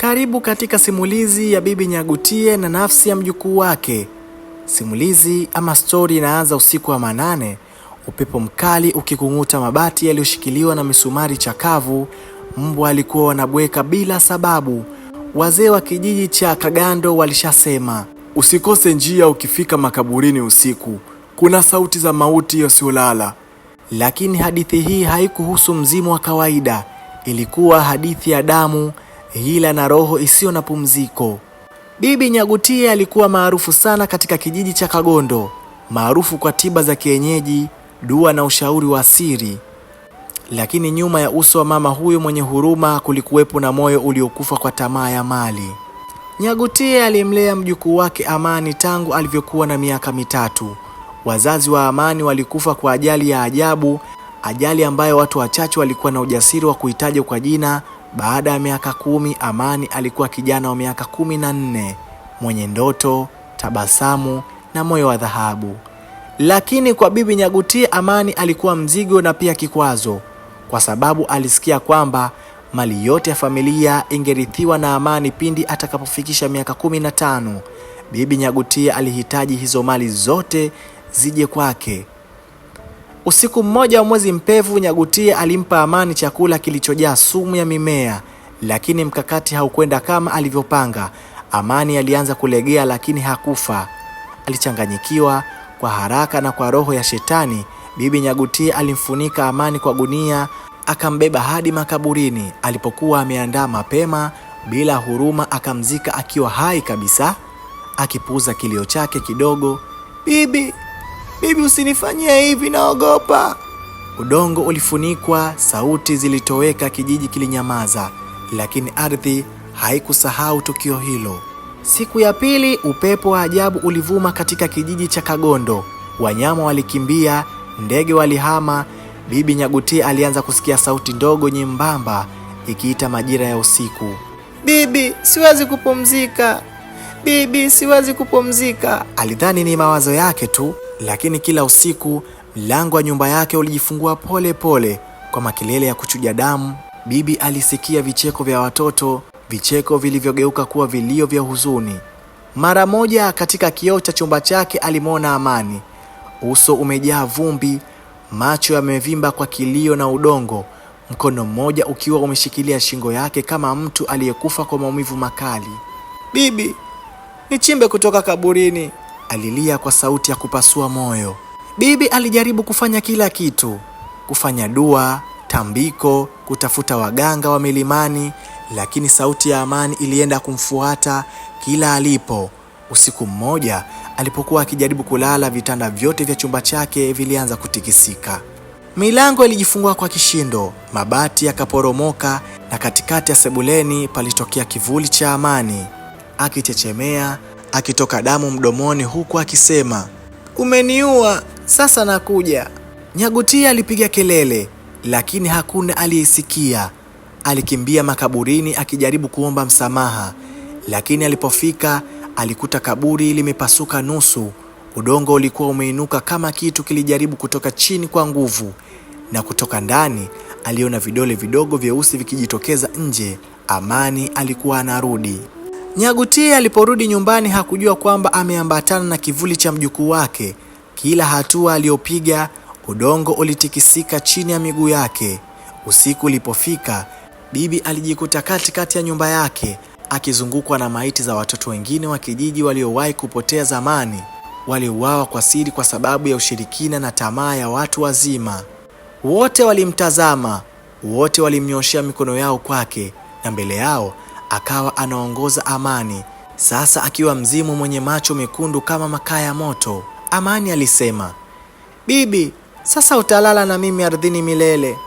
Karibu katika simulizi ya Bibi Nyagutie na nafsi ya mjukuu wake. Simulizi ama stori inaanza usiku wa manane, upepo mkali ukikung'uta mabati yaliyoshikiliwa na misumari chakavu. Mbwa alikuwa wanabweka bila sababu. Wazee wa kijiji cha Kagando walishasema usikose njia ukifika makaburini usiku, kuna sauti za mauti yasiyolala. Lakini hadithi hii haikuhusu mzimu wa kawaida, ilikuwa hadithi ya damu hila na roho isiyo na pumziko. Bibi Nyagutie alikuwa maarufu sana katika kijiji cha Kagondo, maarufu kwa tiba za kienyeji, dua na ushauri wa siri. Lakini nyuma ya uso wa mama huyo mwenye huruma kulikuwepo na moyo uliokufa kwa tamaa ya mali. Nyagutie alimlea mjukuu wake Amani tangu alivyokuwa na miaka mitatu. Wazazi wa Amani walikufa kwa ajali ya ajabu, ajali ambayo watu wachache walikuwa na ujasiri wa kuitaja kwa jina baada ya miaka kumi, Amani alikuwa kijana wa miaka kumi na nne mwenye ndoto, tabasamu na moyo wa dhahabu. Lakini kwa Bibi nyagutie Amani alikuwa mzigo na pia kikwazo, kwa sababu alisikia kwamba mali yote ya familia ingerithiwa na Amani pindi atakapofikisha miaka kumi na tano. Bibi Nyagutia alihitaji hizo mali zote zije kwake. Usiku mmoja wa mwezi mpevu, Nyagutie alimpa Amani chakula kilichojaa sumu ya mimea, lakini mkakati haukwenda kama alivyopanga. Amani alianza kulegea, lakini hakufa. Alichanganyikiwa kwa haraka na kwa roho ya shetani, Bibi Nyagutie alimfunika Amani kwa gunia, akambeba hadi makaburini alipokuwa ameandaa mapema. Bila huruma, akamzika akiwa hai kabisa, akipuuza kilio chake kidogo, bibi Bibi, usinifanyie hivi, naogopa. Udongo ulifunikwa, sauti zilitoweka, kijiji kilinyamaza, lakini ardhi haikusahau tukio hilo. Siku ya pili, upepo wa ajabu ulivuma katika kijiji cha Kagondo. Wanyama walikimbia, ndege walihama. Bibi Nyaguti alianza kusikia sauti ndogo nyembamba ikiita majira ya usiku. Bibi, siwezi kupumzika. Bibi, siwezi kupumzika. Alidhani ni mawazo yake tu. Lakini kila usiku mlango wa nyumba yake ulijifungua pole pole kwa makelele ya kuchuja damu. Bibi alisikia vicheko vya watoto, vicheko vilivyogeuka kuwa vilio vya huzuni. Mara moja katika kioo cha chumba chake alimwona Amani, uso umejaa vumbi, macho yamevimba kwa kilio na udongo, mkono mmoja ukiwa umeshikilia shingo yake kama mtu aliyekufa kwa maumivu makali. Bibi, nichimbe kutoka kaburini, alilia kwa sauti ya kupasua moyo. Bibi alijaribu kufanya kila kitu, kufanya dua, tambiko, kutafuta waganga wa milimani, lakini sauti ya amani ilienda kumfuata kila alipo. Usiku mmoja alipokuwa akijaribu kulala, vitanda vyote vya chumba chake vilianza kutikisika. Milango ilijifungua kwa kishindo, mabati yakaporomoka, na katikati ya sebuleni palitokea kivuli cha Amani akichechemea akitoka damu mdomoni huku akisema, umeniua, sasa nakuja. Nyagutia alipiga kelele, lakini hakuna aliyesikia. Alikimbia makaburini akijaribu kuomba msamaha, lakini alipofika alikuta kaburi limepasuka nusu. Udongo ulikuwa umeinuka kama kitu kilijaribu kutoka chini kwa nguvu, na kutoka ndani aliona vidole vidogo vyeusi vikijitokeza nje. Amani alikuwa anarudi nyaguti aliporudi nyumbani hakujua kwamba ameambatana na kivuli cha mjukuu wake. Kila hatua aliyopiga, udongo ulitikisika chini ya miguu yake. Usiku ulipofika, bibi alijikuta katikati ya nyumba yake akizungukwa na maiti za watoto wengine wa kijiji waliowahi kupotea zamani. Waliuawa kwa siri kwa sababu ya ushirikina na tamaa ya watu wazima. Wote walimtazama, wote walimnyoshea mikono yao kwake, na mbele yao akawa anaongoza Amani, sasa akiwa mzimu mwenye macho mekundu kama makaa ya moto. Amani alisema, bibi, sasa utalala na mimi ardhini milele.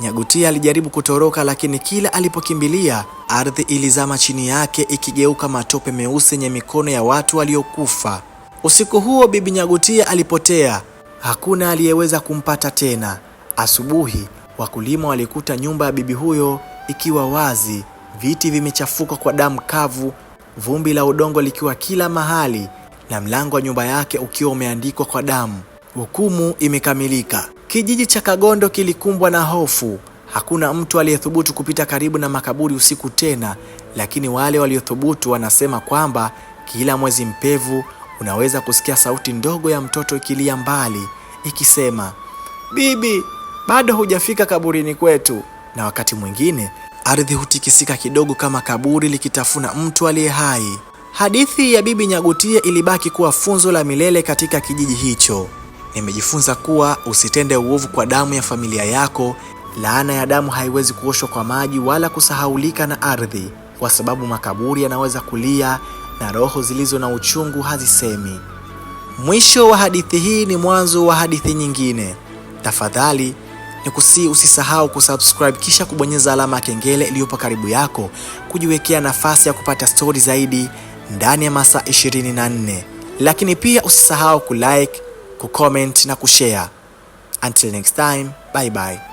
Nyagutia alijaribu kutoroka, lakini kila alipokimbilia ardhi ilizama chini yake ikigeuka matope meusi yenye mikono ya watu waliokufa. Usiku huo bibi Nyagutia alipotea, hakuna aliyeweza kumpata tena. Asubuhi wakulima walikuta nyumba ya bibi huyo ikiwa wazi viti vimechafuka kwa damu kavu, vumbi la udongo likiwa kila mahali, na mlango wa nyumba yake ukiwa umeandikwa kwa damu. Hukumu imekamilika. Kijiji cha Kagondo kilikumbwa na hofu. Hakuna mtu aliyethubutu kupita karibu na makaburi usiku tena, lakini wale waliothubutu wanasema kwamba kila mwezi mpevu unaweza kusikia sauti ndogo ya mtoto ikilia mbali, ikisema, bibi, bado hujafika kaburini kwetu. Na wakati mwingine ardhi hutikisika kidogo kama kaburi likitafuna mtu aliye hai. Hadithi ya Bibi Nyagutie ilibaki kuwa funzo la milele katika kijiji hicho. Nimejifunza kuwa usitende uovu kwa damu ya familia yako. Laana ya damu haiwezi kuoshwa kwa maji wala kusahaulika na ardhi, kwa sababu makaburi yanaweza kulia na roho zilizo na uchungu hazisemi. Mwisho wa hadithi hii ni mwanzo wa hadithi nyingine. Tafadhali ni usisahau kusubscribe kisha kubonyeza alama ya kengele iliyopo karibu yako, kujiwekea nafasi ya kupata stori zaidi ndani ya masaa 24. Lakini pia usisahau kulike, kucomment na kushare. Until next time, bye bye.